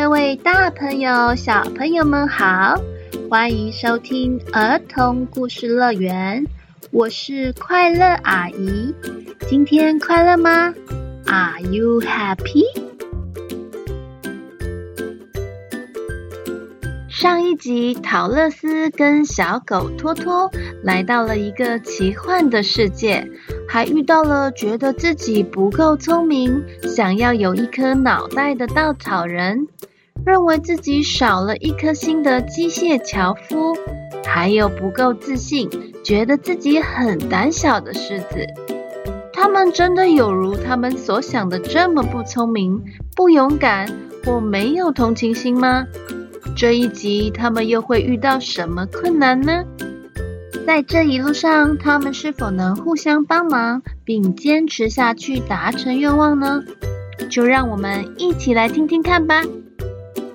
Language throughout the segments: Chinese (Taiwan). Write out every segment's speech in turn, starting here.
各位大朋友、小朋友們好，歡迎收聽兒童故事樂園，我是快樂阿姨。今天快樂嗎？Are you happy？上一集，桃樂絲跟小狗托托來到了一個奇幻的世界，還遇到了覺得自己不夠聰明、想要有一顆腦袋的稻草人。認為自己少了一顆心的機械樵夫，還有不夠自信、覺得自己很膽小的獅子，他們真的有如他們所想的這麼不聰明、不勇敢或沒有同情心嗎？這一集他們又會遇到什麼困難呢？在這一路上，他們是否能互相幫忙並堅持下去達成願望呢？就讓我們一起來聽聽看吧！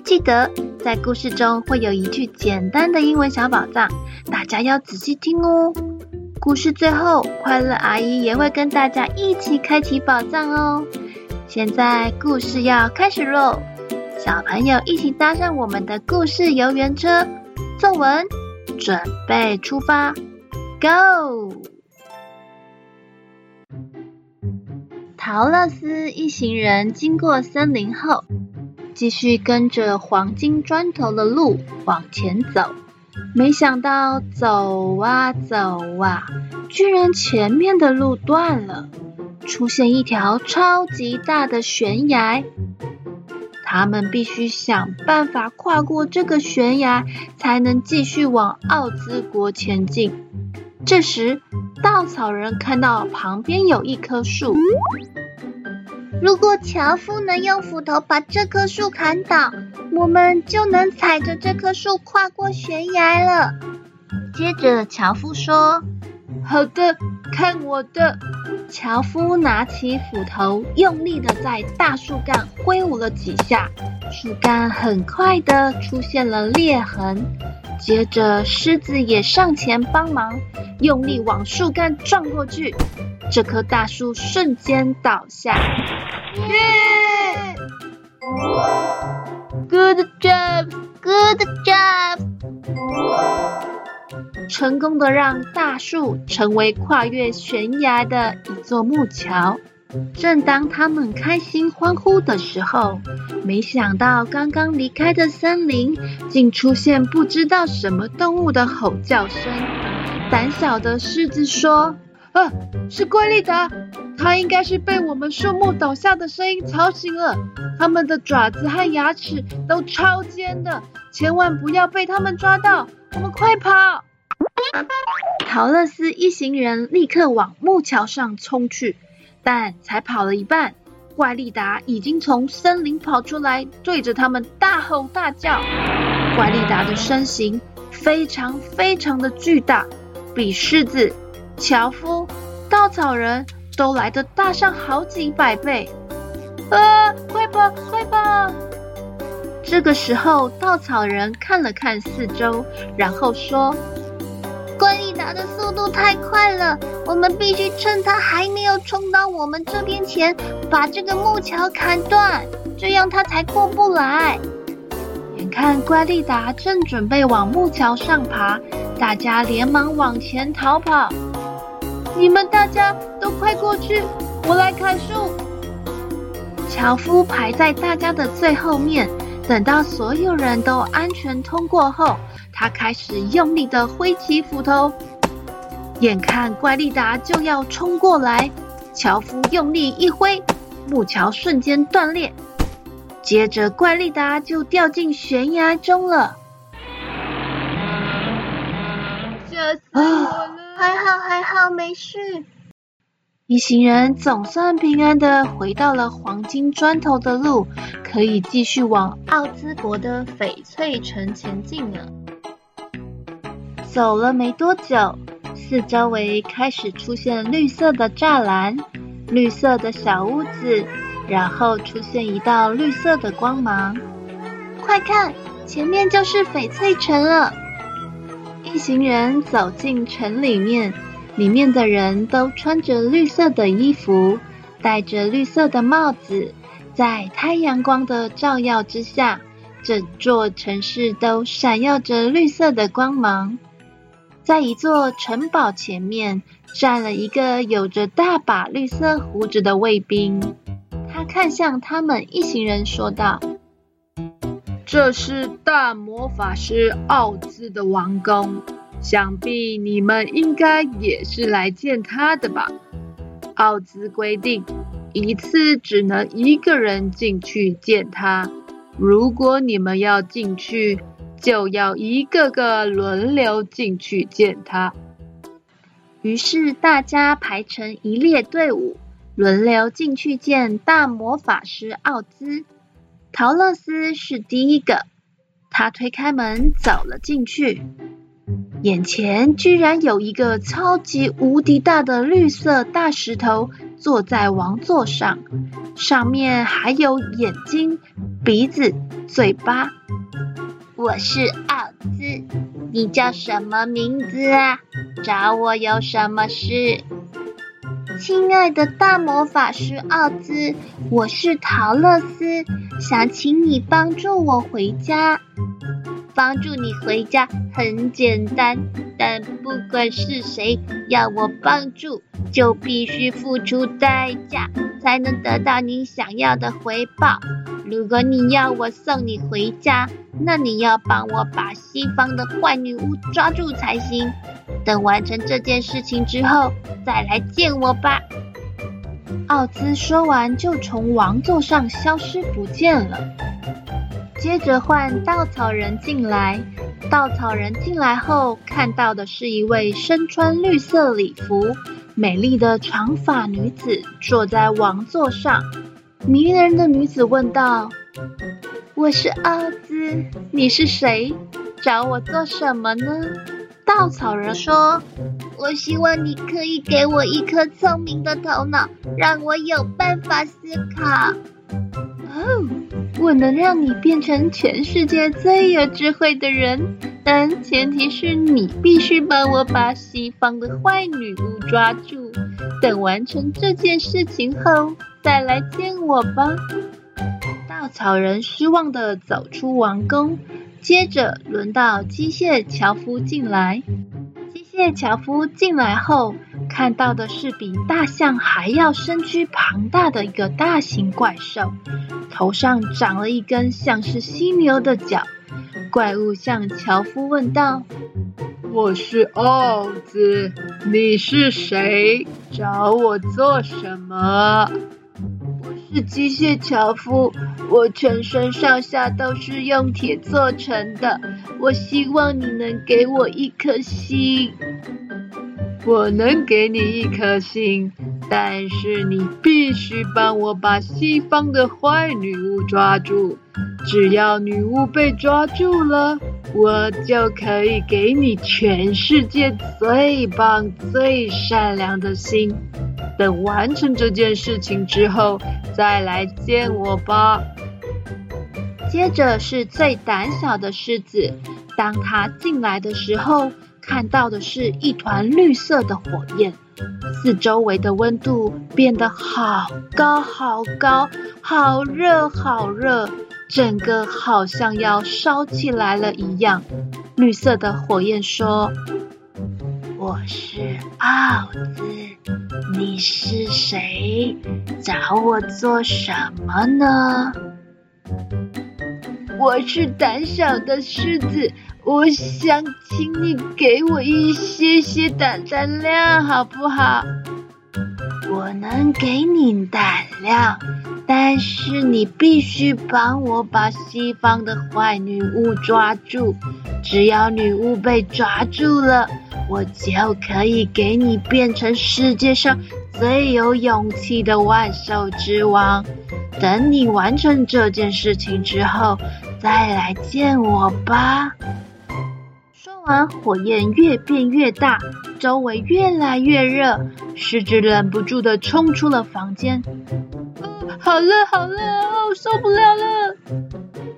記得在故事中會有一句簡單的英文小寶藏，大家要仔細聽哦。故事最後，快樂阿姨也會跟大家一起開啟寶藏哦。現在故事要開始嘍，小朋友一起搭上我們的故事遊園車，坐穩準備出發，Go！桃樂絲一行人經過森林後。繼續跟着黃金磚頭的路往前走，沒想到走啊走啊，居然前面的路斷了，出現一條超級大的懸崖。他們必須想辦法跨過這個懸崖，才能繼續往奧茲國前進。這時，稻草人看到旁邊有一棵樹。如果樵夫能用斧頭把這棵樹砍倒，我們就能踩着這棵樹跨過懸崖了。接着，樵夫說：“好的，看我的。”樵夫拿起斧頭，用力的在大樹幹揮舞了幾下，樹幹很快的出現了裂痕。接着，獅子也上前幫忙，用力往樹幹撞過去。這棵大樹瞬間倒下。耶！Good job，Good job，成功的讓大樹成為跨越懸崖的一座木橋。正當他們開心歡呼的時候，沒想到剛剛離開的森林，竟出現不知道什麼動物的吼叫聲。膽小的獅子說。啊，是怪力達，它應該是被我們樹木倒下的聲音吵醒了。它們的爪子和牙齒都超尖的，千萬不要被它們抓到。我們快跑！桃樂絲一行人立刻往木橋上衝去，但才跑了一半，怪力達已經從森林跑出來，對着他們大吼大叫。怪力達的身形非常非常的巨大，比獅子。樵夫、稻草人都來得大上好幾百倍，啊，快跑，快跑！這個時候，稻草人看了看四周，然後說：“怪麗達的速度太快了，我們必須趁它還沒有衝到我們這邊前，把這個木橋砍斷，這樣它才過不來。”眼看怪麗達正準備往木橋上爬，大家連忙往前逃跑。你們大家都快過去，我來砍樹。樵夫，排在大家的最後面，等到所有人都安全通過後，他開始用力的揮起斧頭。眼看怪力達就要衝過來，樵夫用力一揮，木橋瞬間斷裂，接着怪力達就掉進懸崖中了。啊、這是還好還好，沒事。一行人總算平安的回到了黃金磚頭的路，可以繼續往奧茲國的翡翠城前進了。走了沒多久，四周圍開始出現綠色的柵欄、綠色的小屋子，然後出現一道綠色的光芒。快看，前面就是翡翠城了！一行人走進城裡面，裡面的人都穿着綠色的衣服，戴着綠色的帽子，在太陽光的照耀之下，整座城市都閃耀着綠色的光芒。在一座城堡前面，站了一個有着大把綠色鬍子的衛兵，他看向他們一行人，說道。這是大魔法師奧茲的王宮，想必你們應該也是來見他的吧？奧茲規定，一次只能一個人進去見他。如果你們要進去，就要一個個輪流進去見他。於是大家排成一列隊伍，輪流進去見大魔法師奧茲。桃樂絲是第一個，她推開門走了進去，眼前居然有一個超級無敵大的綠色大石頭坐在王座上，上面還有眼睛、鼻子、嘴巴。我是奧茲，你叫什麼名字啊？找我有什麼事？親愛的，大魔法師奧茲，我是桃樂絲，想請你幫助我回家。幫助你回家很簡單，但不管是誰要我幫助，就必須付出代價才能得到你想要的回報。如果你要我送你回家，那你要幫我把西方的壞女巫抓住才行。等完成這件事情之後，再來見我吧。奧茲說完，就從王座上消失不見了。接着換稻草人進來，稻草人進來後看到的是一位身穿綠色禮服、美麗的長髮女子坐在王座上。迷人的女子問道：“我是奧茲，你是誰？找我做什麼呢？”稻草人說：“我希望你可以給我一顆聰明的頭腦，讓我有辦法思考。哦，oh, 我能讓你變成全世界最有智慧的人，但前提是你必須幫我把西方的壞女巫抓住。等完成這件事情後，再來見我吧。”稻草人失望地走出王宮。接着輪到機械樵夫進來。機械樵夫進來後，看到的是比大象還要身軀龐大的一個大型怪獸，頭上長了一根像是犀牛的角。怪物向樵夫問道：“我是奧茲，你是誰？找我做什麼？”是機械樵夫，我全身上下都是用鐵做成的。我希望你能給我一顆心。我能給你一顆心，但是你必須幫我把西方的壞女巫抓住。只要女巫被抓住了，我就可以給你全世界最棒最善良的心。等完成這件事情之後，再來見我吧。接着是最膽小的獅子，當它進來的時候。看到的是一團綠色的火焰，四周圍的溫度變得好高好高，好熱好熱，整個好像要燒起來了一樣。綠色的火焰說：“我是奧茲，你是誰？找我做什麼呢？”我是膽小的獅子。我想請你給我一些些膽量，好不好？我能給你膽量，但是你必須幫我把西方的壞女巫抓住。只要女巫被抓住了，我就可以給你變成世界上最有勇氣的萬獸之王。等你完成這件事情之後，再來見我吧。火焰越變越大，周圍越來越熱，獅子忍不住的衝出了房間。呃，好熱，好熱，哦，我受不了了！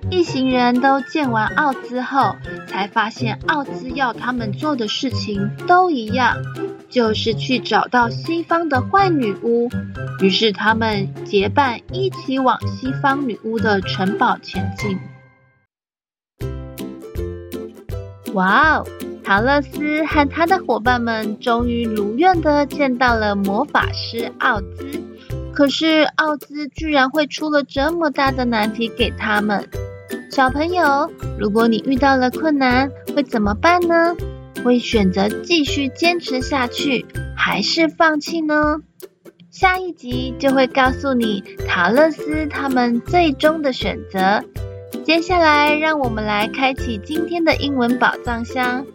一行人都見完奧茲後，才發現奧茲要他們做的事情都一樣，就是去找到西方的壞女巫。於是他們結伴一起往西方女巫的城堡前進。哇哦！Wow, 桃樂絲和他的夥伴們終於如願地見到了魔法師奧茲，可是奧茲居然會出了這麼大的難題給他們。小朋友，如果你遇到了困難，會怎麼辦呢？會選擇繼續堅持下去，還是放棄呢？下一集就會告訴你桃樂絲他們最終的選擇。接下來，讓我們來開啟今天的英文寶藏箱，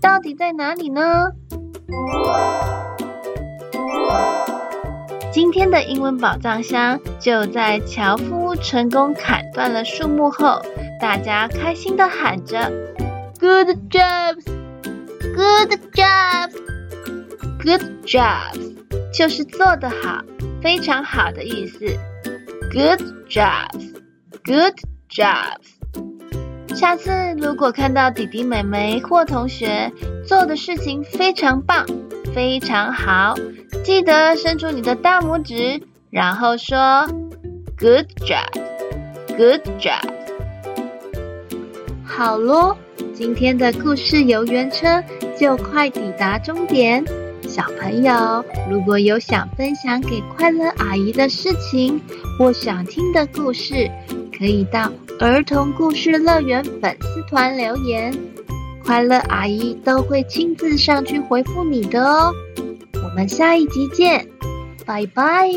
到底在哪裡呢？今天的英文寶藏箱就在樵夫成功砍斷了樹木後，大家開心地喊着 good jobs，“Good jobs! Good jobs! Good jobs!” 就是做得好，非常好的意思。Good jobs! Good。o 下次如果看到弟弟、妹妹或同學做的事情非常棒、非常好，記得伸出你的大拇指，然後說 Good job，Good job。好咯，今天的故事遊園車就快抵達終點。小朋友，如果有想分享給快樂阿姨的事情，或想聽的故事。可以到兒童故事樂園粉絲團留言，快樂阿姨都會親自上去回復你的哦。我們下一集見，拜拜。